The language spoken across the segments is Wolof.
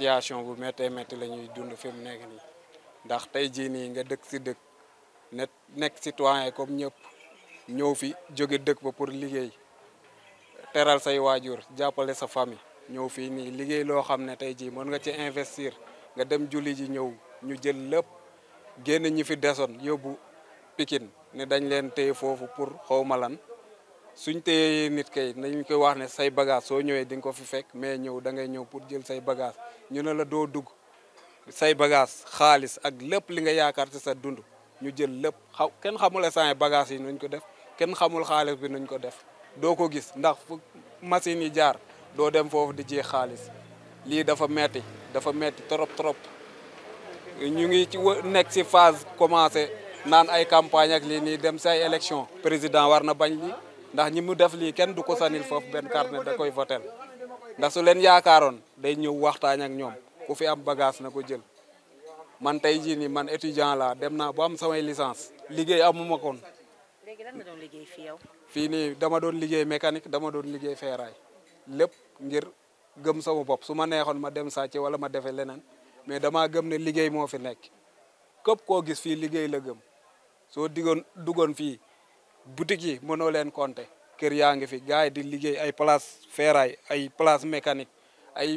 situation bu méttee métti la ñuy dund fi mu nekk nii ndax tey jii nii nga dëkk si dëkk ne nekk citoyen comme ñëpp ñëw fi jóge dëkk ba pour liggéey teral say waajur jàppale sa famille ñëw fii nii liggéey loo xam ne tey jii mën nga ci investir nga dem julli ji ñëw ñu jël lépp génn ñi fi desoon yóbbu Pikine ne dañ leen téye foofu pour xawma ma lan suñ téyee nit kay nañ koy wax ne say bagage soo ñëwee di nga ko fi fekk mais ñëw da ngay ñëw pour jël say bagage ñu ne la doo dugg say bagage xaalis ak lépp li nga yaakaar ci sa dund ñu jël lépp xaw kenn xamul essence bagage yi nuñ ko def kenn xamul xaalis bi nuñ ko def doo ko gis ndax fu machine yi jaar doo dem foofu di jee xaalis lii dafa metti dafa metti trop trop ñu ngi ci nekk si phase commencé naan ay campagne ak li nii dem si ay élection président war na bañ lii ndax ñi mu def lii kenn du ko sanil foofu benn carnet da koy votel ndax su leen yaakaaroon day ñëw waxtaan ak ñoom ku fi am bagage na ko jël man tey jii nii man étudiant la dem naa ba am samay licence liggéey amuma kon léegi lan fii nii dama doon liggéey mécanique dama doon liggéey feeraay lépp ngir gëm sama bopp su ma neexoon ma dem sàcc wala ma defee leneen mais dama gëm ne liggéey moo fi nekk képp koo gis fii liggéey la gëm soo diggoon duggoon fii boutique yi mënoo leen compter kër yaa ngi fi gars di liggéey ay place ferraille ay place mécanique ay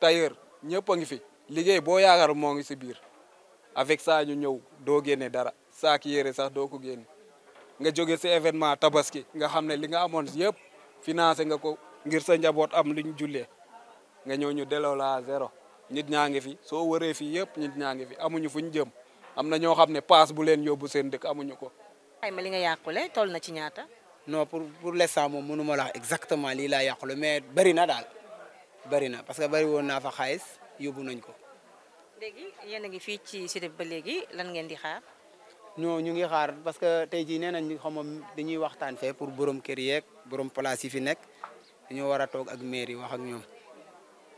tailleur ñëpp a ngi fi liggéey boo yaakaar moo ngi si biir avec ça ñu ñëw doo génne dara saak yére sax doo ko génne nga jóge si événement tabaski nga xam ne li nga amoon yëpp financé nga ko ngir sa njaboot am luñ jullee nga ñëw ñu delloo la zéro nit ñaa ngi fi soo wëree fii yëpp nit ñaa ngi fi amuñu fu ñu jëm am na ñoo xam ne paas bu leen yóbbu seen dëkk amuñu ko xayma li nga yàqule toll na ci ñaata. non pour pour l'instant moom mënu ma la wax exactement li laa yàqule mais bëri na daal bëri na parce que bari woon naa fa xaalis yóbbu nañ ko. léegi a ngi fii ci cité ba léegi lan ngeen di xaar. non ñu ngi xaar parce que tey jii nee nañ xam dañuy waxtaan fee pour borom kër yeeg borom place yi fi nekk dañoo war a toog ak maire yi wax ak ñoom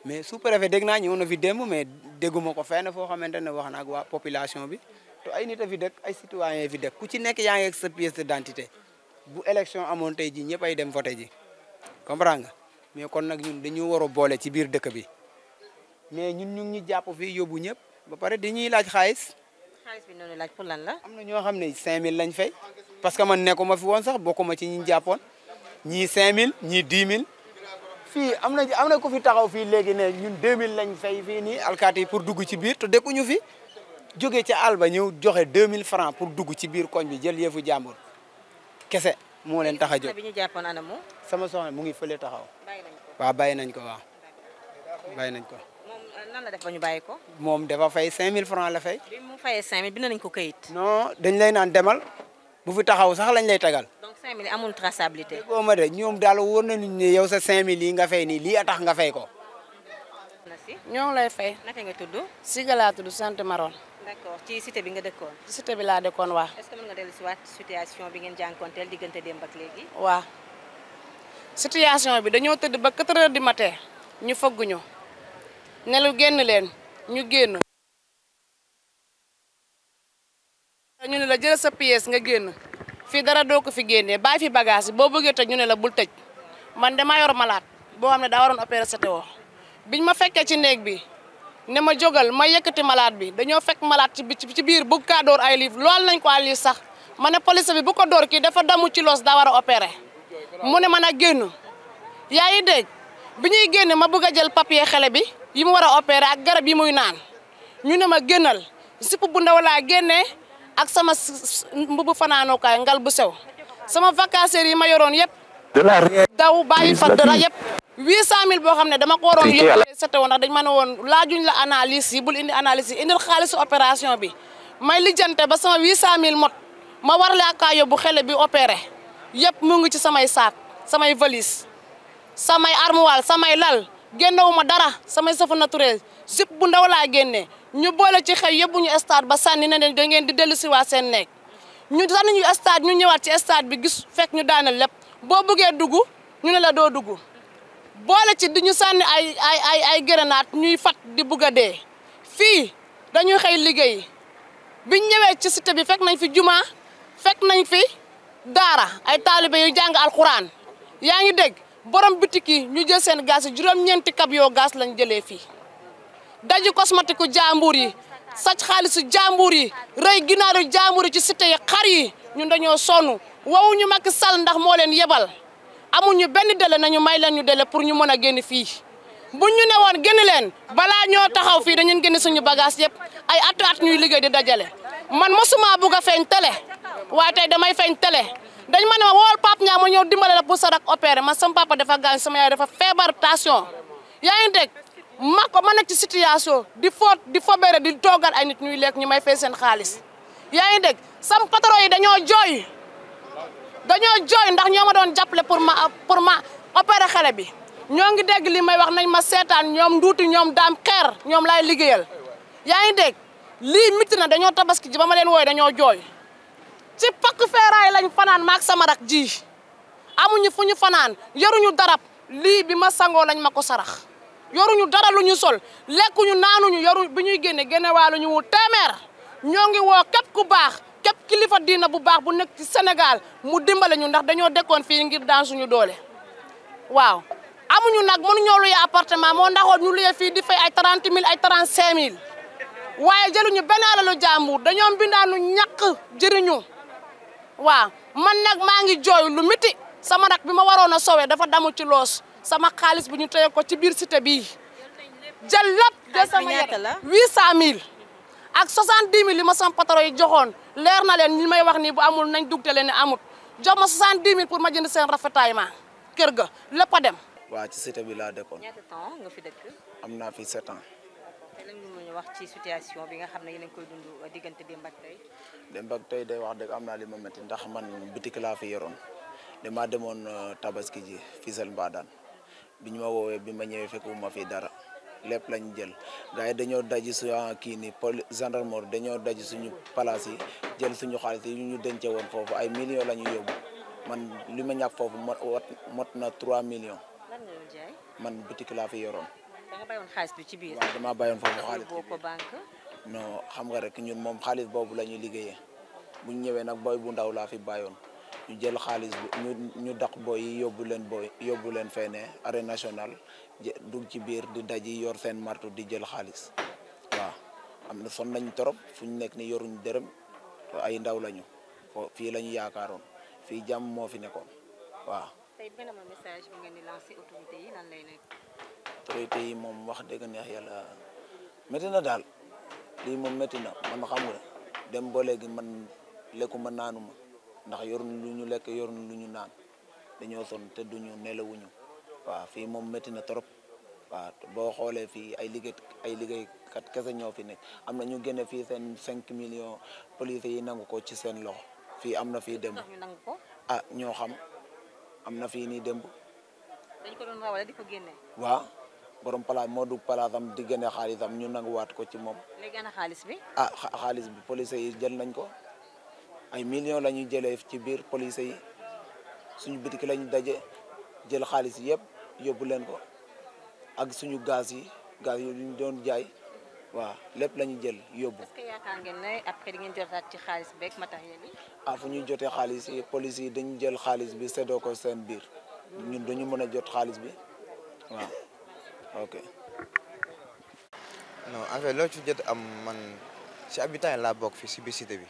mais sous-préfet dégg naa ñëw na fi démb mais dégguma ko fenn foo xamante ne wax na waa population bi. te ay nit a fi dëkk ay citoyen fi dëkk ku ci nekk yaa ngi ak sa pièce bu élection amoon tey ji ñëpp ay dem voté ji comprendre mais kon nag ñun dañu war a boole ci biir dëkk bi mais ñun ñu ngi ñu jàpp fii yóbbu ñëpp ba pare dañuy laaj xaalis. xaalis bi noonu laaj pour la. am na ñoo xam ne cin 5000 lañ fay parce que man nekkuma fi woon sax bokkuma ci ñi jàppoon ñii 5000 ñii 10000 fii am na am na ku fi taxaw fii léegi ne ñun 2000 lañ fay fii nii alkaati yi pour dugg ci biir te dëkkuñu fi. joge ci àll ba ñëw joxe 2000 francs pour dugg ci biir koñ bi jël yëfu jàmbur kese moo leen tax a jóg. bi ñu jàppoon ana mu. sama soxna mu ngi fële taxaw. bàyyi waaw bàyyi nañ ko waa bàyyi nañ ko. moom euh, nan la def ba ñu bàyyi ko. moom dafa fay 5000 francs la fay. bi mu fayee 5000 nañ ko kayit. non dañ lay naan demal bu fi taxaw sax lañ lay tegal donc 5000 amul traçabilité. déggoo ma de ñoom daal na nit ne yow sa mille yi nga fay nii lii a tax nga fay ko. ñoo ngi lay fay. naka nga tudd. Siga laa tudd sant Maron. d'accord ci cité bi nga dëkkoon. ci cité laa dëkkoon waa. est-ce que mën nga dellu bi ngeen jànkonteel diggante démb ak léegi. waa bi dañoo tëdd ba 4 di du ñu fogg ñu génn leen ñu génn. ñu ne la jël sa pièce nga génn fii dara doo ko fi génnee bàyyi fi bagage boo bëggee tëj ñu ne la bul tëj man dama yor malaat boo xam ne daa waroon opérer sa teewoo biñ ma fekkee ci néeg bi. ne ma jógal ma yëkkati malade bi dañoo fekk malaat ci ci biir bëgg kaa door ay liif lool nañ ko ay liif sax ma ne police bi bu ko door kii dafa damu ci loos daa war a opéré mu ne ma a génn yaa ngi dégg bi ñuy génne ma bugg a jël papier xale bi yi mu war a opéré ak garab yi muy naan ñu ne ma génnal sipp bu ndaw laa génne ak sama mbubu fanaanookaay ngal bu sew sama vacanciers yi ma yoroon yëpp de la réalité. daw bàyyi fa dara yëpp. boo xam ne dama ko waroon yëpp sete woon ndax dañ ma ne woon laajuñ la analyse yi bul indi analyse yi indil xaalisu bi may lijjante ba sama 800000 mot ma war laa xele bi opéré yëpp mu ngi ci samay saak samay valise samay armoire samay lal génnewu ma dara samay safa naturel jupe bu ndaw laa génnee ñu boole ci xew yëpp ñu stade ba sànni na ne da ngeen di dellu si waa seen nekk ñu sànni ñu stade ñu ñëwaat ci stade bi gis fekk ñu daanal lépp boo bëggee dugg ñu ne la doo dugg boole ci di ñu sànni ay ay ay ay ñuy fat di bugg a dee fii dañuy xëy liggéey biñ ñëwee ci cité bi fekk nañ fi jumaa fekk nañ fi daara ay taalibe yu jàng alxuraan yaa ngi dégg borom bitik yi ñu jël seen gaz yi juróom-ñeenti kab yoo gaz lañ jëlee fii daju cosmétique u jaambur yi sàcc xaalisu jàmbur yi rey ginaaru jàmbur ci cité yi xar yi ñun dañoo sonn wowuñu Macky sal ndax moo leen yebal amuñu benn délai nañu may leen ñu délai pour ñu mën a génn fii bu ñu ne woon génn leen balaa ñoo taxaw fii dañu génn suñu bagage yëpp ay at at ñuy liggéey di dajale man mosuma bugg a feeñ télé waaye tey damay feeñ tele dañu man ne ma wool Pape Niang ma ñëw dimbale la pour sa rak opéré man sama papa dafa gaañ sama yaay dafa feebar tension yaa ngi ma ko ma nekk ci situation di fo di fobere di toogal ay nit ñuy lekk ñu may fay seen xaalis yaa ngi dégg sam patron yi dañoo jooy dañoo jooy ndax ñoo ma doon jàppale pour ma pour ma opéré xale bi ñoo ngi dégg li may wax nañ ma seetaan ñoom nduuti ñoom daam xeer ñoom laay liggéeyal yaa ngi dégg lii mitti na dañoo tabaski ji ba ma leen wooy dañoo jooy ci pakk feeraay lañ fanaan maak sama rak ji amuñu fu ñu fanaan yaruñu darab lii bi ma sangoo lañ ma ko sarax yoruñu dara lu ñu sol lekkuñu naanuñu yoru bi ñuy génne génnewaaluñu wu téeméer ñoo ngi woo képp ku baax képp kilifa diina bu baax bu nekk ci senegal mu dimbale ñu ndax dañoo dekkoon fii ngir daan suñu doole waaw. amuñu nag mënuñoo luyee appartement moo ndaxoon ñu luyee fii di fay ay trente mille ay trente cinq mille waaye jëluñu benn alalu jàmbur dañoo mbindaanu ñàkk jëriñu waaw man nag maa ngi jooy lu miti sama nag bi ma waroon a sowee dafa damu ci loos. sama xaalis bu ñu téye ko ci biir cité bi jël lépp de sama yére huit cent mille ak soixante dix mille yi ma sama patron yi joxoon leer na leen li may wax nii bu amul nañ dugte leen ne amut jox ma soixante dix mille pour ma jënd seen rafetaillement kër ga lépp dem. waaw ci cité bi laa dëkkoon. ñaata temps nga fi dëkk. am naa fi sept ans. lan nga ñu wax ci situation bi nga xam ne yéen a koy dund diggante démb ak tey. démb ak day wax dëgg am naa li ma métti ndax man butik laa fi yoroon ma demoon euh, tabaski ji Fisel daan bi ñu ma woowee bi ma ñëwee fekkuma fi dara lépp lañu jël gars dañoo daji su ah, kii ni poli gendarmerie dañoo daj suñu palaas yi jël suñu xaalis yi ñu dencee woon foofu ay millions la ñu yóbbu man li ma ñàkk foofu mot mot na 3 man boutique laa fi yoroon. da nga bàyyoon xaalis bi ci biir. waaw damaa bàyyoon foofu xaalis boo ko xam nga rek ñun moom xaalis boobu la ñuy liggéeyee bu ñu ñëwee nag boy bu ndaw laa fi bàyyoon. ñu jël xaalis ñu ñu daq booy yi yóbbu leen booy yóbbu leen fay ne arène nationale dugg ci biir di daji yor seen martu di jël xaalis waaw am na son nañ trop fu ñu nekk ni yoruñ dërëm ay ndaw lañu fii lañu yaakaaroon fii jàmm moo fi nekkoon waaw. autorité yi moom wax dëgg neex yàlla métti na daal lii moom métti na man xam nga dem ba léegi man lekkuma naanuma ndax yoru lu ñu lekk yorun lu ñu naan dañoo sonn te duñu nelawuñu waaw fii moom metti na trop waa boo xoolee fii ay liggéey ay liggéeykat kese ñoo fi nekk am na ñu génne fii seen 5 millions police yi nangu ko ci seen loxo fii am na fi démb ah ñoo xam am na fii nii démb dañ ko borom place moo dugg place am di xaalisam ñu nanguwaat ko ci moom léegi xaalis bi ah xaalis bi police yi jël nañ ko ay million la ñuy jëlee ci biir police yi suñu bitik la ñu daje jël xaalis yëpp yóbbu leen ko ak suñu gaz yi gaz yi ñu doon jaay waaw lépp lañu jël yóbbu. est-ce ci xaalis beeg ah, fu ñuy jotee xaalis yi police yi dañu jël xaalis bi seddoo ko seen biir ñun dañu mën a jot xaalis bi waaw ok. non en ci jot am man si habitant la bokk fii si biir bi.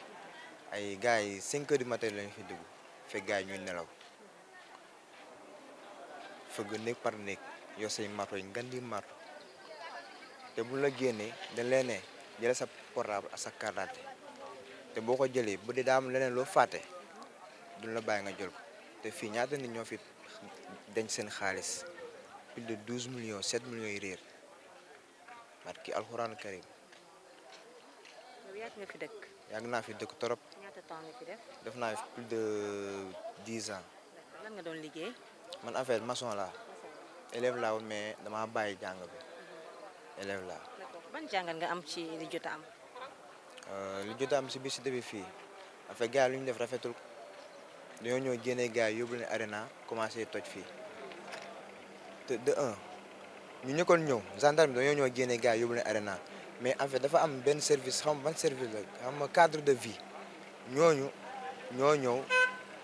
ay gaa yi cinq heures du matin lañ fi dugg fekk gars yi ñuy nelaw fëgg néeg par néeg yow say marto yi ngan di te bu la génnee dañ leen ne jëlee sa portable ak sa carte te boo ko jëlee bu dee daa am leneen loo fàtte duñ la bàyyi nga jël ko te fii ñaata nit ñoo fi denc seen xaalis plus de douze millions sept millions yi réer barki alxuraan karim yàgg nga naa fi dëkk torop ñaata def. naa fi plus de dix ans. lan nga doon liggéey. man en fait maçon laa. élève laa woon mais damaa bàyyi jàng bi mhm. élève laa. ban jàngat nga am ci li jot a am. Euh, li am si biir cité bi fii en fait gars yi lu ñu def rafetul dañoo ñëw génnee gars yi yóbbu leen arena commencé toj fii te de un ñu ñëkkoon ñëw gendarme dañoo ñëw génnee gaa yi yóbbu leen arena mais en fait dafa am benn service xam ban service la xam cadre de vie. ñooñu ñoo ñëw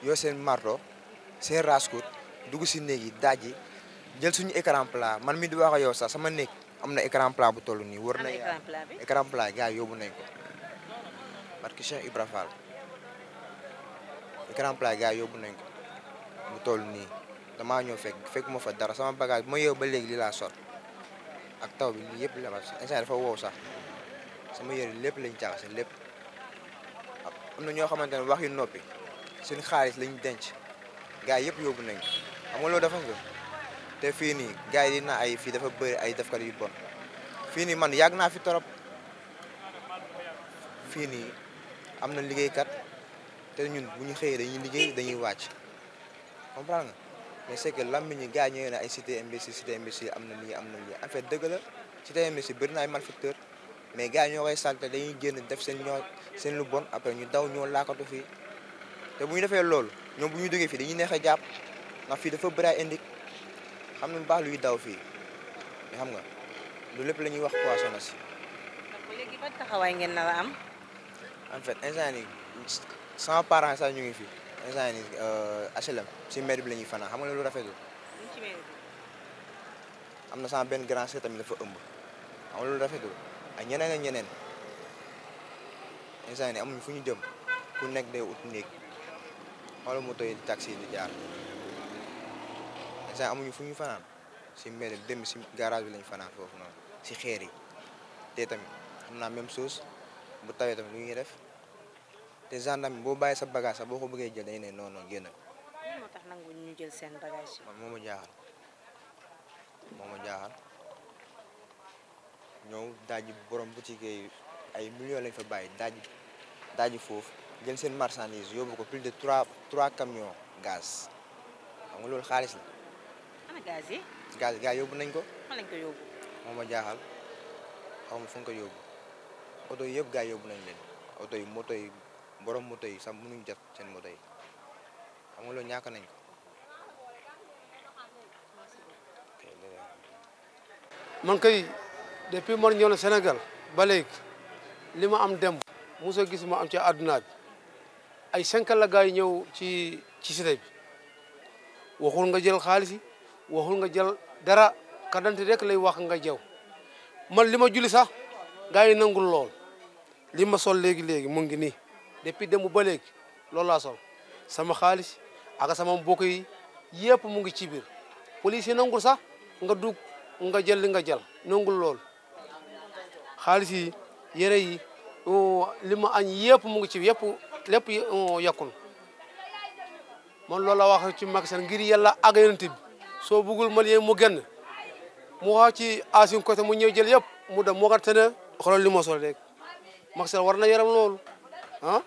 yoo seen marto seen raskut dugg si néeg yi daaj yi jël suñu écran plat man mi di wax ak yow sax sama néeg am na écran plat bu toll nii wër na yaa écran plat gars yóbbu nañ ko parce que Cheikh Ibra Fall écran nañ ko bu toll nii damaa ñëw fekk fekk fekkuma fa dara sama bagage bi ma ba léegi la sot ak taw bi lii yëpp la ma instant dafa wow sax sama yëre lépp lañ jaxase lépp am na ñoo xamante ne wax yu noppi suñu xaalis lañuy denc gars yëpp yóbbu nañ xam nga loolu dafa nga te fii nii gars yi dina ay fii dafa bëri ay defkat yu bon fii nii man yàgg naa fi torop fii nii am na liggéeykat te ñun bu ñu xëyee dañuy liggéey dañuy wàcc comprendre nga mais c'est que lammi ñu gars ñëwee ne ay cité imbécile cité imbécile am na lii am na lii en fait dëgg la cité imbécile bëri na ay malfaiteurs mais gars yi ñoo koy salte dañuy génn def seen ñoo seen lu bon après ñu daw ñoo laakatu fii te bu ñu defee loolu ñoom bu ñu duggee fii dañuy neex a jàpp ndax fii dafa bëri ay indi xam nañu baax luy daw fii mais xam nga lu lépp la ñuy wax poissonnerie. donc léegi ngeen nar am. en fait instant yii sama parents ñu ngi fi instant yii HLM euh, si mairie bi la ñuy fanaan xam nga lu rafetul. am na sama benn grand sœur tamit dafa ëmb xam nga loolu rafetul. a ñeneen ak ñeneen instant yii amuñ fu ñu jëm ku nekk day ut néeg wala moto yi taxi yi di jaar amuñu fu ñu fanaan si mbedd dem si garage bi lañ fanaan foofu noonu si xeer yi te tamit xam naa même chose bu tawee tamit lu ñuy def te gendarme boo bàyyi sa bagage sax boo ko bëggee jël dañu ne non non génn. moo tax nangu ñu jël seen bagage. moom moo jaaxal moo ma jaaxal. ñëw daaji borom boutique yi ay millions lañ fa bàyyi daaji daaji foofu jël seen marchandise yóbbu ko plus de trois trois camions gaz xam nga loolu xaalis la. ana gaz yi. gaz yóbbu nañ ko. fan lañ moom ma jaaxal xaw ma fu ko yóbbu oto yi yëpp gars yóbbu nañ leen oto yi moto yi borom moto yi sax mënuñ jot seen moto yi xam nga loolu ñàkk nañ ko. depuis man ñëw na Sénégal ba léegi li ma am demb mosoo gis ma am ci àdduna ay cinq la yi ñëw ci ci waxul nga jël xaalis yi waxul nga jël dara kadante rek lay wax nga jëw man li ma julli sax gars yi nangul lool li ma sol léegi-léegi mu ngi nii depuis démb ba léegi loolu laa sol sama xaalis ak sama mbokk yi yëpp mu ngi ci biir police yi nangul sax nga dugg nga jël li nga jël nangul lool xaalis yi yére yi li ma añ yëpp mu ngi ci yëpp lépp yokkul moon loolu la wax ci Macky Sall ngir yàlla ak yonent bi soo bëggul malien mu génn mu wax ci asin côté mu ñëw jël yëpp mu dem moo kat ne xoolal li ma sol rek war na yaram loolu ah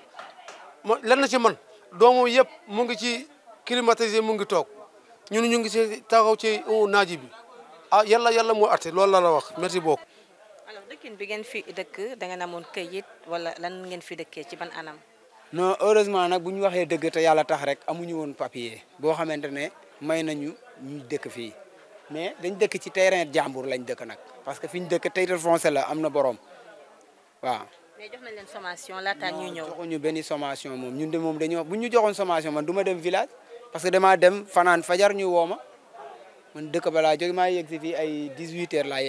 ma lenn ci man doomu yëpp mu ngi ci climatisé mu ngi toog ñun ñu ngi ci taxaw ci naaji bi ah yàlla yàlla moo atte loolu la la wax merci beaucoup alors dëkkin bi ngeen fi dëkk da ngeen amoon këyit wala lan ngeen fi dëkkee ci ban anam. non heureusement nag bu ñu waxee dëgg te yàlla tax rek amuñu woon papier boo xamante ne may nañu ñu dëkk fii mais dañ dëkk ci terrain jàmbur lañ dëkk nag parce que fi ñu dëkk titre foncier la am na borom waaw. mais jox nañ leen sommation laataa ñuy ñëw joxuñu benn sommation moom ñun de moom dañoo bu ñu joxoon sommation man duma dem village parce que dama dem fanaan fajar ñu woo ma man dëkk balaa jóge maa yegg si fii ay 18 heures laa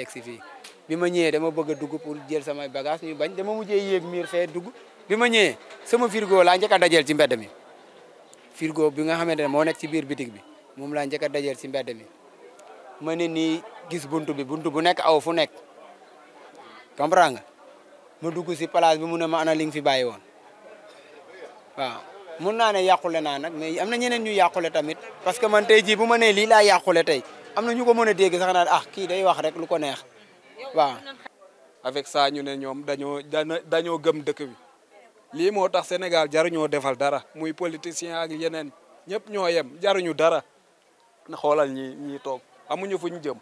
bi ma ñëwee dama bëgg a dugg pour jël samay bagage ñu bañ dama mujjee yéeg miir fee dugg bi ma ñëwee sama firgo laa njëkk a dajeel ci mbedd mi firgo bi nga xamante ne moo nekk ci biir bitig bi moom laa njëkk a dajeel ci mbedd mi ma ne nii gis buntu bi buntu bu nekk aw fu nekk comprends mu dugg si place bi mu ne ma ana li nga fi bàyyi woon waaw mun naa ne yàqule naa nag mais am na ñeneen ñu yàqule tamit parce que man tey jii bu ma nee lii laa yàqule tey am na ñu ko mën a dégg sax naan ah kii day wax rek lu ko neex waaw avec ça ñu ne ñoom dañoo dañoo gëm dëkk bi lii moo tax Sénégal jaruñoo defal dara muy politicien ak yeneen ñëpp ñoo yem jaruñu dara na xoolal ñi ñi toog amuñu fu ñu jëm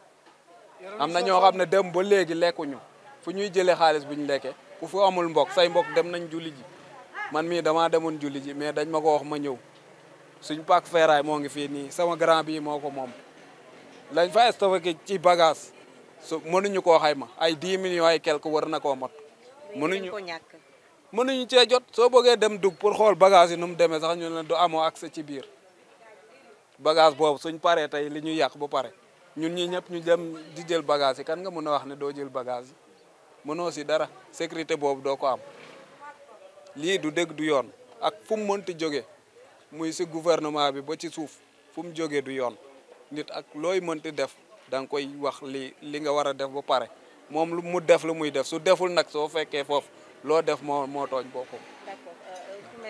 am na ñoo xam ne dem ba léegi lekkuñu fu ñuy jëlee xaalis bu ñu lekke ku fu amul mbok say mbokk dem nañ julli ji man mii damaa demoon julli ji mais dañ ma ko wax ma ñëw suñ pak feeraay moo ngi fii nii sama grand bi moo ko moom lañ fa stocké ci bagage su mënuñu ko xayma ay 10 millions ay quelque war na koo mot. mënuñu mënuñu cee jot soo bëggee dem dugg pour xool bagage yi nu mu demee sax ñu ne du amoo accès ci biir bagage boobu suñ paree tey li ñu yàq ba pare ñun ñi ñëpp ñu dem di jël bagage yi kan nga mën a wax ne doo jël bagage yi mënoo si dara sécurité boobu doo ko am lii du dëgg du yoon ak fu mu mënti jóge muy si gouvernement bi ba ci suuf fu mu jógee du yoon nit ak looy mënti def da nga koy wax li li nga war a def ba pare moom lu mu def lu muy def su deful nag soo fekkee foofu loo def moo moo tooñ boppam. d'accord euh, xam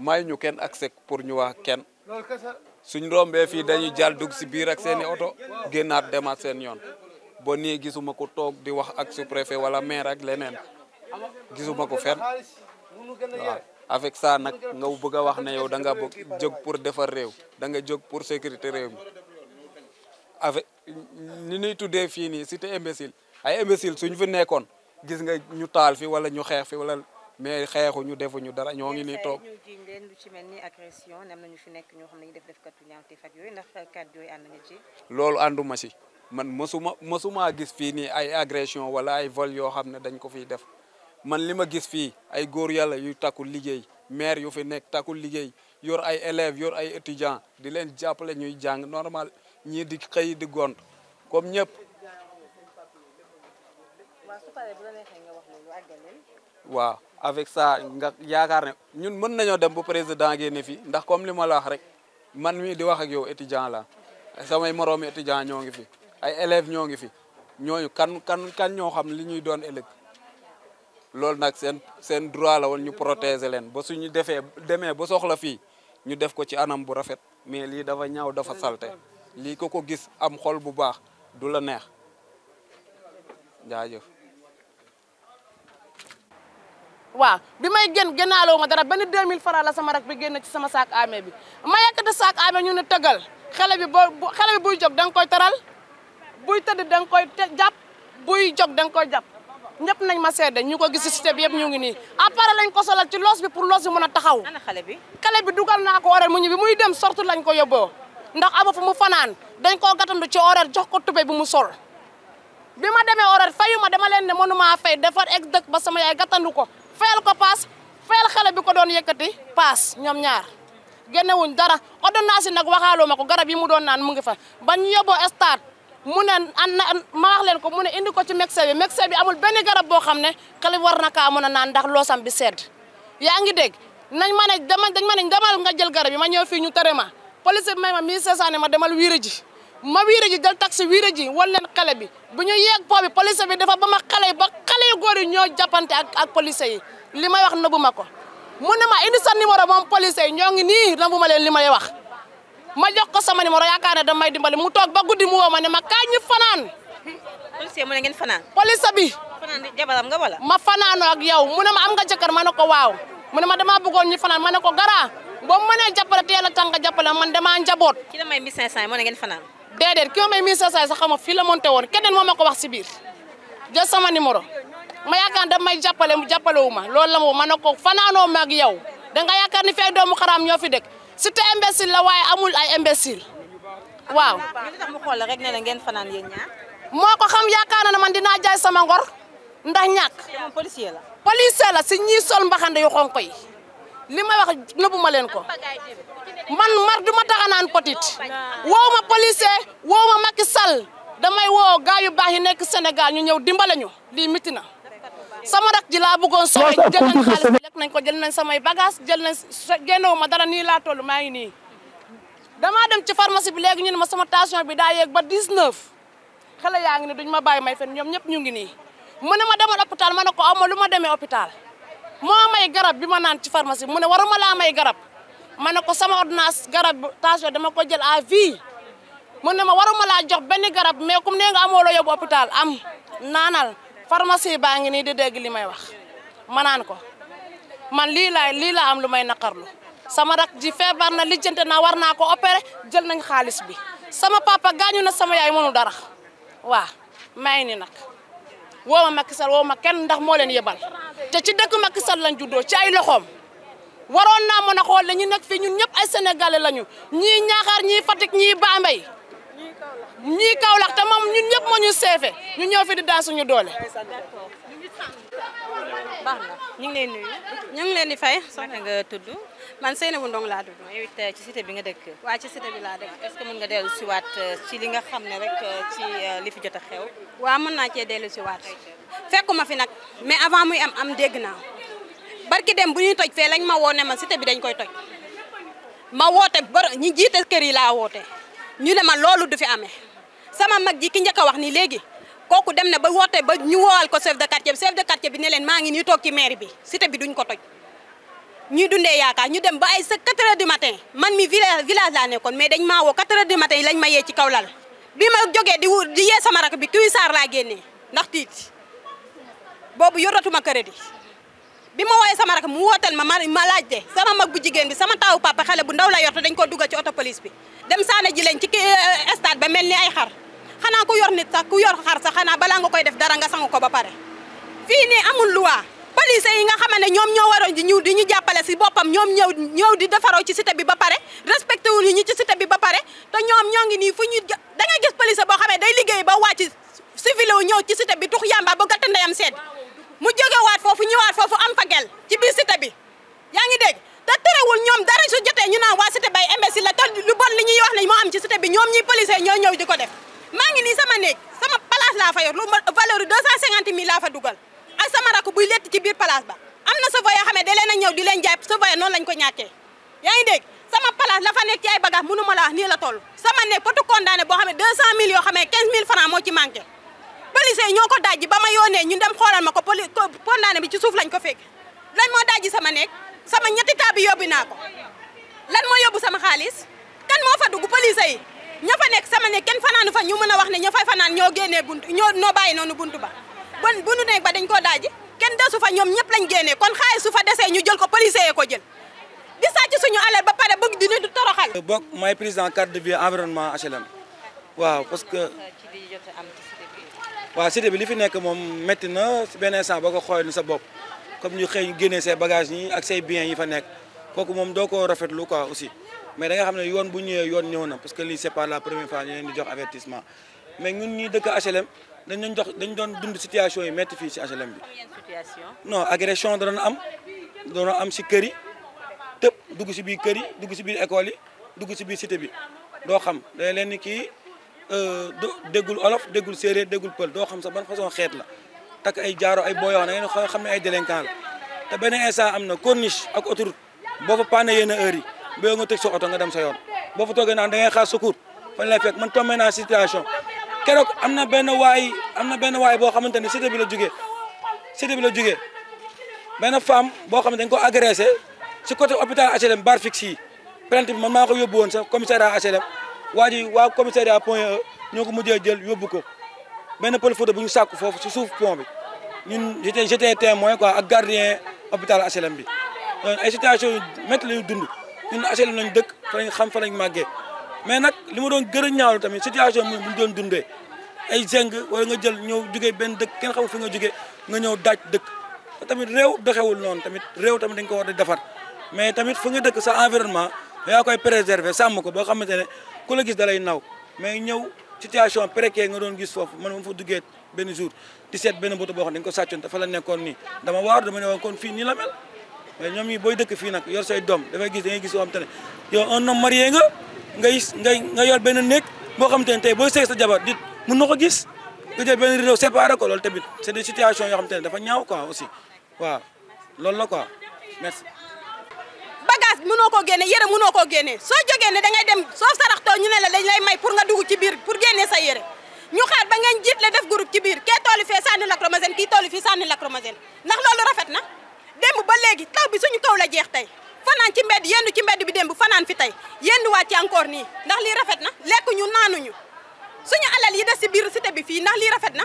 ne may ñu kenn accès pour ñu wax kenn suñ rombee fii dañuy jàll dugg si biir seeni oto génnaat demaat seen yoon ba nii gisuma ko toog di wax ak sous wala maire ak leneen gisuma ko fen waaw. avec ça nag nga bëgg a wax na yow da nga bëgg jóg pour defar réew da nga jóg pour sécurité réew mi avec ni ñuy tuddee fii nii cité imbécile ay imbécile suñ fi nekkoon gis nga ñu taal fi wala ñu xeex fi wala mais xeexu ñu defu ñu dara ñoo ngi ni toog ñu jiñ leen lu ci mel ni agression fi nekk ñoo xam ne ñu def def katu ndax kàddu yooyu ànd nga ci loolu ànduma si man masuma mësuma gis fii nii ay agression wala ay vol yoo xam ne dañ ko fiy def man li ma gis fii ay góor yàlla yu takkul liggéey mair yu fi nekk takkul liggéey yor ay élèves yor ay étudiants di leen jàppale ñuy jàng normal ñii di xëy di gont comme ñëpp. waaw avec ça nga yaakaar ne ñun mën nañoo dem bu président génne fi ndax comme li ma la wax rek man mii di wax ak yow étudiant la samay moroomi étudiant ñoo ngi fi ay élèves ñoo ngi fi ñooñu kan kan kan ñoo xam li ñuy doon ëllëg loolu nag seen seen droit la woon ñu protéger leen ba suñu defee demee ba soxla fii ñu def ko ci anam bu rafet mais lii dafa ñaaw dafa salte lii ko ko gis am xol bu baax du la neex jaajëf. waa bi may génn génnaaloo ma dara benn 2000 francs la sama rak bi génn ci sama saak amee bi ma yàkkati saak amee ñu ne tëggal xale bi boo xale bi buy jóg da nga koy taral buy tëdd da koy jàpp buy jóg dang koy jàpp. ñëpp nañ ma seede ñu ko gis système yëpp ñu ngi nii après lañ ko solal ci loos bi pour loos bi mën a taxaw xale bi xale bi dugal naa ko horaire mu ñibbi muy dem sortu lañ ko yóbboo ndax aba fu mu fanaan dañ koo gàttandu ci horaire jox ko tubé bi mu sol bi ma demee horaire fayu ma dama leen ne mënumaa fay defar ex dëkk ba sama yaay gàttandu ko fayal ko paas fayal xale bi ko doon yëkkati paas ñoom ñaar génnewuñ dara ordonnance yi nag waxaaloo ma ko garab yi mu doon naan mu ngi fa bañ yóbboo stade mu ne an na ma wax leen ko mu ne indi ko ci médecin bi médecin bi amul benn garab boo xam ne xale war na kaa mën a naan ndax loosam bi sedd yaa ngi dégg nañ ma ne dama ma ne demal nga jël garab yi ma ñëw fii ñu tere ma police bi may ma 1500 ne ma demal wiire ji ma wiire ji jël taxi wiire ji wan leen kale bi bu ñu yeeg po bi police bi dafa ba ma xale yi ba xale yu góor ñoo jàppante ak ak police yi li may wax nëbu ma ko mu ne ma indi sa numéro moom police yi ñoo ngi nii nëbu li may wax ma jox ko sama numéro yaakaar ne damay dimbali mu toog ba guddi mu woo ma ne ma kaay ñu fanaan. policier mu ne ngeen fanaan. police bi. ma fanaanoo ak yow mu ne ma am nga jëkkër ma ne ko waaw mu ne ma damaa bëggoon ñu fanaan ma ne ko garaa boo mu mënee jàppale teel a tàng jàppale man damaa njaboot. ki la may 1500 mu ne ngeen fanaan. déedéet ki ma may 1500 sax xam fii la monté woon keneen moo ma ko wax si biir sama numéro ma yaakaar ne damay jàppale mu jàppale wu ma loolu la ma ma ne ko fanaanoo ma ak yow danga yaakaar ni fee doomu xaraam ñoo fi dëkk Cité imbécile la waaye amul ay imbécile waaw. ngeen fanaan yéen ñaar. moo ko xam yaakaar na ne man dinaa jaay sama ngor ndax ñàkk. moom la. policier la si ñii sol mbaxande yu xonk li may wax nëbbu leen ko. man mar du ma tax a naan petit woow ma policier damay woo gaa yu baax yi nekk Sénégal ñu ñëw dimbale ñu lii miti na. sama rak ji laa bëggoon soxla jël nañ xaalis bi lekk nañ ko jël nañ samay bagage jël nañ génnewu ma dara nii laa toll maa ngi nii damaa dem ci pharmacie bi léegi ñu ne ma sama tension bi daa yéeg ba 19 xale yaa ngi ne duñ ma bàyyi may fen ñoom ñëpp ñu ngi nii mu ne ma demal hôpital ma ne ko ama lu ma demee hôpital moo may garab bi ma naan ci pharmacie mu ne waruma laa may garab ma ne ko sama ordonnance garab tension dama ko jël à vie mu ne ma waruma laa jox benn garab mais comme nee nga amoo loo yóbbu hôpital am naanal pharmacie baa ngi nii di dégg li may wax ma naan ko man lii laay lii laa am lu may naqarlu sama rak ji feebar na lijjante naa war naa ko opéré jël nañ xaalis bi sama papa gaañu na sama yaay mënu dara waa may ni nag woo ma Macky woo ma kenn ndax moo leen yebal te ci dëkk Macky Sall lañ juddoo ci ay loxoom waroon naa mën na xool la ñu nekk fi ñun ñëpp ay sénégalais lañu ñii ñaaxaar ñii Fatick ñii Bambey ñii Kaolack te moom ñun ñëpp moo ñu seefe ñu ñëw fi di daan suñu doole. baax na ñu ngi leen nuyu ñu ngi leen di fay soxna nga tudd man Seynabou Ndong laa tudd yow it eh, ci cité bi nga dëkk waaw ci cité bi laa dëkk que mën nga dellu si waat eh, ci li nga xam ne rek eh, ci li fi jot a xew waa mën naa cee dellu si waat fekkuma fi nag mais avant muy am am dégg naa barki dem bu ñuy toj fee lañ ma woone ma cité bi dañ koy toj ma woote bër ñi jiite kër yi laa woote ñu ne ma loolu du fi amee sama mag ji ki njëkk wax ni léegi kooku dem na ba woote ba ñu woowal ko chef de quartier bi chef de quartier bi ne leen maa ngi nii toog ci mairie bi cité bi duñ ko toj ñuy dundee yaakaar ñu dem ba ay sa 4 heures du matin man mi village village laa nekkoon mais dañ maa woo 4 heures du matin lañ ma yee ci kaw bi ma jogee di di yee sama rak bi kuy saar laa génnee ndax tiit boobu yoratuma crédit bi ma wooyee sama rak mu wooteel ma ma ma laaj de sama mag bu jigéen bi sama taawu papa xale bu ndaw la yor te dañ ko dugal ci auto police bi dem saana ji leen ci euh, stade ba mel ni ay xar xanaa ku yor nit sax ku yor xar sax xanaa balaa nga koy def dara nga sangu ko ba pare fii nii amul loi police yi nga xam ne ñoom ñoo waroon di ñu di ñu jàppale si boppam ñoom ñëw ñëw di defaroo ci cité bi ba pare respecté wul ñu ci cité bi ba pare te ñoom ñoo ngi nii fu ñu da ngay gis police boo xam ne day liggéey ba wàcc civil wu ñëw ci cité bi tux yamba ba gàtt ndeyam mu jógewaat foofu ñëwaat foofu am fa ci biir cité yaa ngi dégg te terewul ñoom dara su jotee ñu naan waa cité bay imbécile la te lu bon li ñuy wax ne moo am ci cité bi ñoom ñuy police ñoo ñëw di ko def maa ngi nii sama néeg sama place laa fa yor lu valeur yu deux cent cinquante mille laa fa dugal ak sama rakk buy lett ci biir place ba am na chauffeur yoo xam ne da leen a ñëw di leen jaay chauffeur noonu lañ ko ñàkkee yaa ngi dégg sama place la fa policier ñoo ko dajji ba ma yónnee ñu dem xoolal ma ko poli condamné bi ci suuf lañ ko fekk lan moo dajji sama nekk sama ñetti taabi yóbbi naa ko lan moo yóbbu sama xaalis kan moo fa dugg policier yi ña fa nekk sama nekk kenn fanaanu fa ñu mën a wax ne ña fay fanaan ñoo génnee buntu ñoo noo bàyyi noonu bunt ba bon bunu nekk ba dañ koo dajji kenn desu fa ñoom ñëpp lañ génnee kon xaalis su fa desee ñu jël ko policier yee ko jël di sàcc suñu alal ba pare bëgg dina du toroxal bokk may président cadre de vie environnement HLM waaw parce que waaw cité bi li fi nekk moom métti na si benn ba ko xoolee ni sa bopp comme ñu xëy génnee say bagages yi ak say biens yi fa nekk kooku moom doo ko rafetlu quoi aussi mais da nga xam ne yoon bu ñëwee yoon ñëw na parce que li c'est pas la première fois ñu leen jox avertissement mais ñun ñuy dëkk HLM dañ doon jox dañ doon dund situation yi métti fii si HLM bi. non da doon am doon am si kër yi tëb dugg si biir kër yi dugg si biir école yi dugg si biir cité bi doo xam day leen kii. Euh, déggul olof déggul séeréer déggul pël doo xam sax ban façon xeet la takk ay jaaro ay booy yoo xam xam ne ay délinquant la te benn instant am na corniche ak autoroute boo fa paane yenn heure yi ba yow nga tëj sa oto nga dem sa yoon boo fa toogee naan da ngay xaar secours fan lay fekk man tombé naa situation keroog am na benn waay am na benn waay boo xamante ne cité bi la jugee cité bi a jugee benn femme boo xam ne dañ ko agressé si côté hôpital HLM bar fixe yi plainte bi man maa ko yóbbu woon sax waa ji waa commissariat point E ñoo ko a jël yóbbu ko benn pël photo bu ñu sàkku foofu si suuf pont bi ñun j'étais j'étais témoin quoi ak gardien hôpital HLM bi euh, ay situation yu métti dund ñun HLM lañ dëkk fa lañ xam fa lañ màggee mais nag li ma doon gën a ñaawlu tamit situation bi buñ doon dundee ay zeng wala nga jël ñëw jugee benn dëkk kenn xamul fi nga jugee nga ñëw daaj dëkk tamit réew doxewul noonu tamit réew tamit dañ ko war di defar mais tamit foo nga dëkk sa environnement yaa koy préserver sàmm ko boo xamante ne ku la gis dalay naw mais ñëw situation précaire nga doon gis foofu man ma fa duggee benn jour di seet benn boto boo xam ne dañ ko sàccoon te fa boo xam te ne tey booy sëy sa jabar dit mun na ko gis nga jël benn rideau séparé ko yoo xam te ne dafa ñaaw quoi aussi waaw loolu la quoi merci bagage mënoo koo génne yére mënoo koo génne soo jógee ne da ngay dem soo saraxtoo ñu ne la lay may pour nga dugg ci biir pour génne sa yére ñu xaar ba ngeen jiit la def groupe ci biir kee toolu fee sànni lacrymogène kii toolu fii sànni lacrymogène ndax loolu rafet na démb ba léegi taw bi suñu kaw la jeex tey fanaan ci mbedd yendu ci mbedd bi démb fanaan fi tey yenduwaat ci encore nii ndax lii rafet na lekkuñu naanuñu suñu alal yi des si biir cité bi fii ndax lii rafet na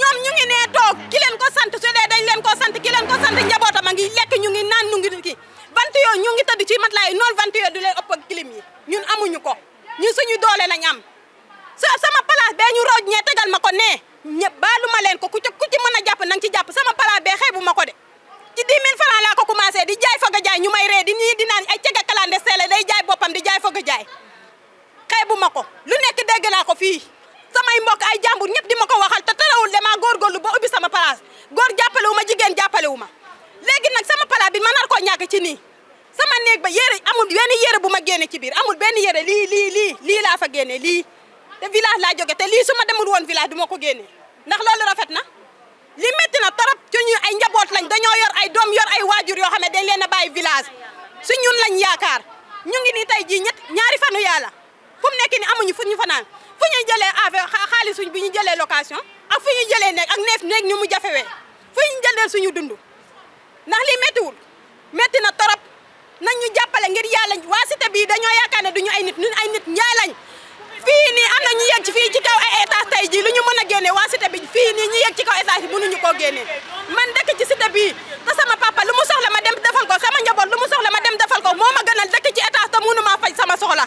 ñoom ñu ngi nee toog ki leen ko sant su dee dañ leen ko sant ki leen ko sant njabootam a ngi vente yooyu ñu ngi tëdd ci matelas yi noonu vente yooyu du leen ëpp yi ñun amuñu ko ñun suñu doole lañ am sa sama place bee ñu rooj ñee tegal ma ko nee ñë baalu ma leen ko ku ci ku ci mën a jàpp na ci jàpp sama place bee bu ma ko de ci 10 000 francs ko commencé di jaay fa nga jaay ñu may ree di nii di naan ay cega clandestin la day jaay boppam di jaay fa nga jaay xeebu ma ko lu nekk dégg naa ko fii samay mbokk ay jàmbur ñëpp di ma ko waxal te tarawul damaa góorgóorlu ba ubbi sama place góor jàppalewu ma jigéen jàppalewu ma léegi nag sama palaas bi ma nar koo ñàkk ci nii sama néeg ba yére amul benn yére bu ma génne ci biir amul benn yére lii lii lii lii laa fa génne lii te village laa jóge te lii su ma demul woon village du ma ko génne ndax loolu rafet na li métti na torop ci ñu ay njaboot lañ dañoo yor ay doom yor ay waajur yoo xam ne dañ leen a bàyyi village su ñun lañ yaakaar ñu ngi ni tey jii ñett ñaari fanu yàlla fu mu nekk ni amuñu fu ñu fanaan fu ñuy jëlee affaire xaalisuñ ñu jëlee location ak fu ñuy jëlee nekk ak neef néeg ñu mu jafewee ñu jëlee ndax lii méttiwul métti na torop nañ ñu jàppale ngir yàlla waa cité bii dañoo yaakaar ne duñu ay nit ay nit njaay fii nii am na ñu yegg ci fii ci kaw ay étage tey jii lu ñu mën a génne waa cité bi fii nii ñu yegg ci kaw étage bi mënuñu koo génne man dëkk ci cité bii te sama papa lu mu soxla ma dem defal ko sama njaboot lu mu soxla ma dem defal ko moo ma gënal dëkk ci étage te mënu maa faj sama soxla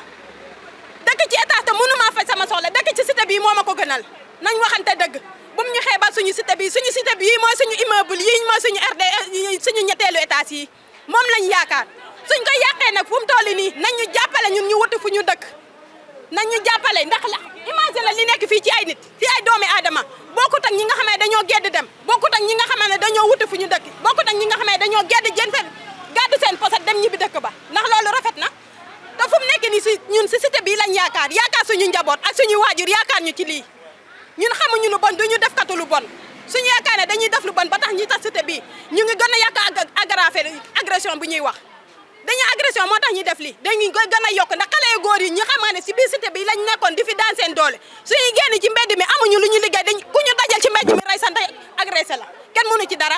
dëkk ci étage te mënu maa faj sama soxla dëkk ci cité moo ma ko gënal nañ waxante dëgg bu mu ñu xeebal suñu cité bi suñu cité bi mooy suñu immeuble yi mooy suñu RD eh, suñu ñetteelu étage yi moom lañ yaakaar suñ ko yàqee nag fu mu toll nii nañ ñu jàppale ñun ñu wuti fu ñu dëkk nañ ñu jàppale ndax la imagine la li nekk fii ci ay nit fii ay doomi aadama bokkut ak ñi nga xam ne dañoo gedd dem boo ak ñi nga xam ne dañoo wuti fu ñu dëkk bokkut ak ñi nga xam ne dañoo gedd jën seen gàddu seen poset dem ñibbi dëkk ba ndax loolu rafet na te fu mu nekk nii si ñun bii lañ yaakaar yaakaar njaboot ak suñu waajur yaakaar ñu ci lii ñun xamuñu lu bon duñu def katu lu bon suñu yaakaar ne dañuy def lu bon ba tax ñi tas cité bii ñu ngi gën a yàq aggraver agression bu ñuy wax dañu agression moo tax ñuy def lii dañuy gën a yokk ndax xale yu góor yi ñu xamaa ne si biir cité bi lañ nekkoon di fi daan seen doole suñuy génn ci mbedd mi amuñu lu ñu liggéey dañ ku ñu dajal ci mbedd mi rey sa ndey agressé la kenn mënu ci dara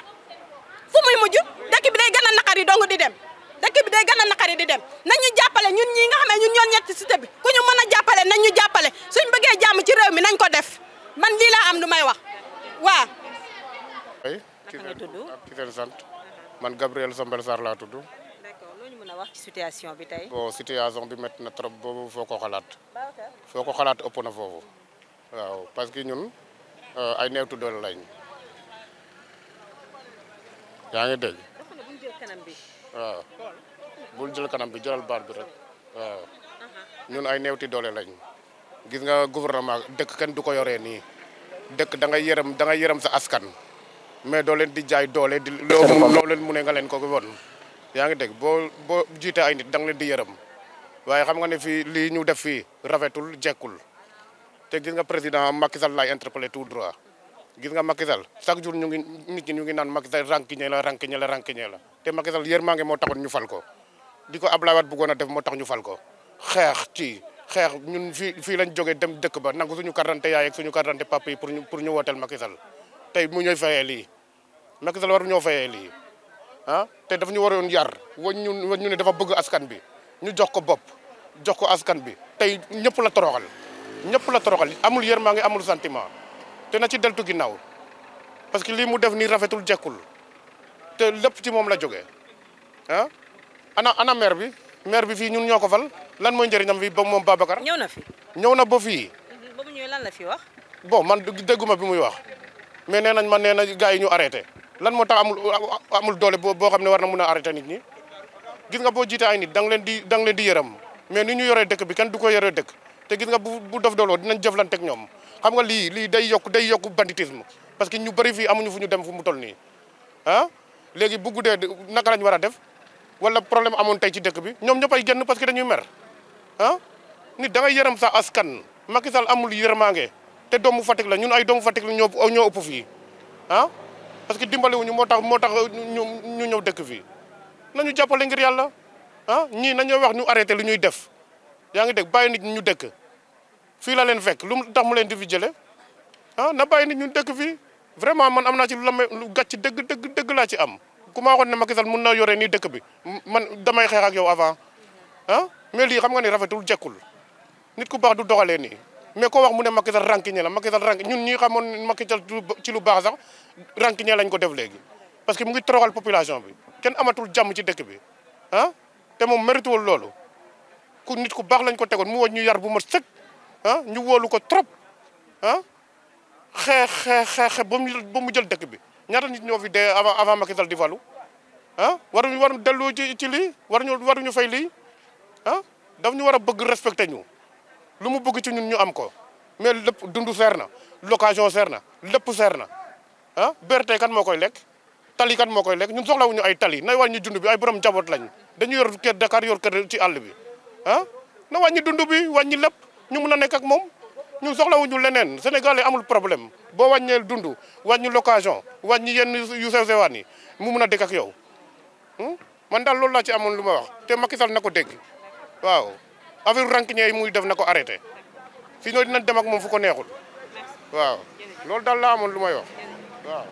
fu muy mujj dëkk bi day gën a naqari dong di dem dëkk bi day gën a naqari di dem nañu jàppale ñun ñi nga xam ne ñun ñoo ñett cité bi ku ñu mën a jàppale nañ ñu jàppale suñ bëggee jàmm ci réew mi nañ ko def man lii laa am lu may wax waa. ci sant man Gabriel Sombel Sarr laa tudd. d'accord situation bi tey. na trop boobu foo ko xalaat. foo ko xalaat ëpp na foofu. waaw parce que ñun euh, ay néew tuddoon lañ yaa ngi dégg. bul jël kanam bi. waaw jëlal baat bi rek waaw ñun ay néew ti doole lañ gis nga gouvernement dëkk kenn du ko yoree nii dëkk da yërëm da ngay yërëm sa askan mais doo leen di jaay doole di loo loo leen mu ne nga leen ko won yaa ngi dégg boo boo jiite ay nit da nga leen di yërëm waaye xam nga ne fii lii ñu def fii rafetul jekkul te gis nga président Macky Sall laay interpellé tout droit gis nga Macky Sall chaque jour ñu ngi nit ñi ñu ngi naan Macky Sall rankiñe la rankiñe la rankiñe la te Macky Sall yërmaange moo taxoon ñu fal ko di ko Abdoulaye Wade bëggoon a def moo tax ñu fal ko xeex ci xeex ñun fii fii lañ jógee dem dëkk ba nangu suñu carte d'identité yaay ak suñu carte d'identité papa yi pour ñu pour ñu wooteel tey mu ñooy fayee lii Macky Sall war ñoo fayee lii ah te daf ñu waroon yar wañ ñu wañ ñu ne dafa bëgg askan bi ñu jox ko bopp jox ko askan bi tey ñëpp la toroxal ñëpp la toroxal amul yërmande amul sentiment te na ci deltu ginnaaw parce que lii mu def nii rafetul jekkul te lépp ci moom la jógee ah ana ana maire bi maire bi fii ñun ñoo ko fal lan mooy njëriñam fii ba moom Babacar. ñëw na fi. ñëw na ba fii. Mhm. ba mu lan la fi wax. bon man dégguma bi muy wax mais nee nañ man nee na gars yi ñu arrêté lan moo tax amul amul doole boo xam ne war na mun a arrêté nit ñi gis nga boo jiite ay nit da nga leen di da leen di yërëm mais ni ñu yoree dëkk bi kenn du ko yoree dëkk te gis nga bu bu dof dooloo dinañ jëflante ak ñoom xam nga lii lii day yokk day yokk banditisme parce que ñu bari fii amuñu fu ñu dem fu mu toll nii ah léegi bu guddee naka lañ war a def wala problème amoon tey ci dëkk bi ñoom ñëpp ay génn parce que dañuy mer ah nit da ngay yërëm sa askan Macky Sall amul yërmaange te doomu Fatick la ñun ay doomu Fatick la ñoo ñoo ëpp fii ah parce que dimbaliwuñu moo tax moo tax ñu ñu ñëw dëkk fii nañu jàppale ngir yàlla ah ñii nañoo wax ñu arrêté lu ñuy def yaa ngi dégg bàyyi nit ñu dëkk fii la leen fekk lu tax mu leen di fi jële ah na bàyyi nit ñu dëkk fii vraiment man am naa ci lu la lu gàcc dëgg dëgg dëgg laa ci am ku ma waxoon ne Macky Sall mun na yore nii dëkk bi man damay xeex ak yow avant ah mais lii xam nga ni rafetul jekkul nit ku baax du doxalee nii mais ko wax mu ne Macky Sall rankiñe la Macky Sall rank ñun ñi xamoon Macky Sall ci lu baax sax rankiñe lañ ko def léegi parce que mu ngi toroxal population bi kenn amatul jàmm ci dëkk bi ah te moom mérituwul loolu ku nit ku baax lañ ko tegoon mu woon ñu yar bu mat sëkk ah ñu wóolu ko trop ah xeex xeex xeex ba mu ba mu jël dëkk bi ñaata nit ñoo fi de avant avant Macky Sall di falu ah waruñu war delloo ci ci lii waruñu waruñu fay lii ah ñu war a bëgg respecté ñu lu mu bëgg ci ñun ñu am ko mais lépp dundu seer na location seer na lépp seer na ah BRT kan moo koy lekk tali kan moo koy lekk ñun soxlawuñu ay tali na wàññi dund bi ay borom njaboot lañ dañu yor kër Dakar yor kër ci àll bi ah na wàññi dund bi wàññi lépp ñu mun a nekk ak moom. ñun soxlawuñu leneen Sénégal yi amul problème boo wàññee dund wàññi location wàññi yenn yu sew sewaan yi mu mun a dëkk ak yow hmm? man daal loolu laa ci amoon lu ma wax te Macky sal na ko dégg waaw affaire rancunier yi muy def na ko arrêté sinon dinañ dem ak moom fu ko neexul waaw loolu dal laa amoon lu may wax waaw.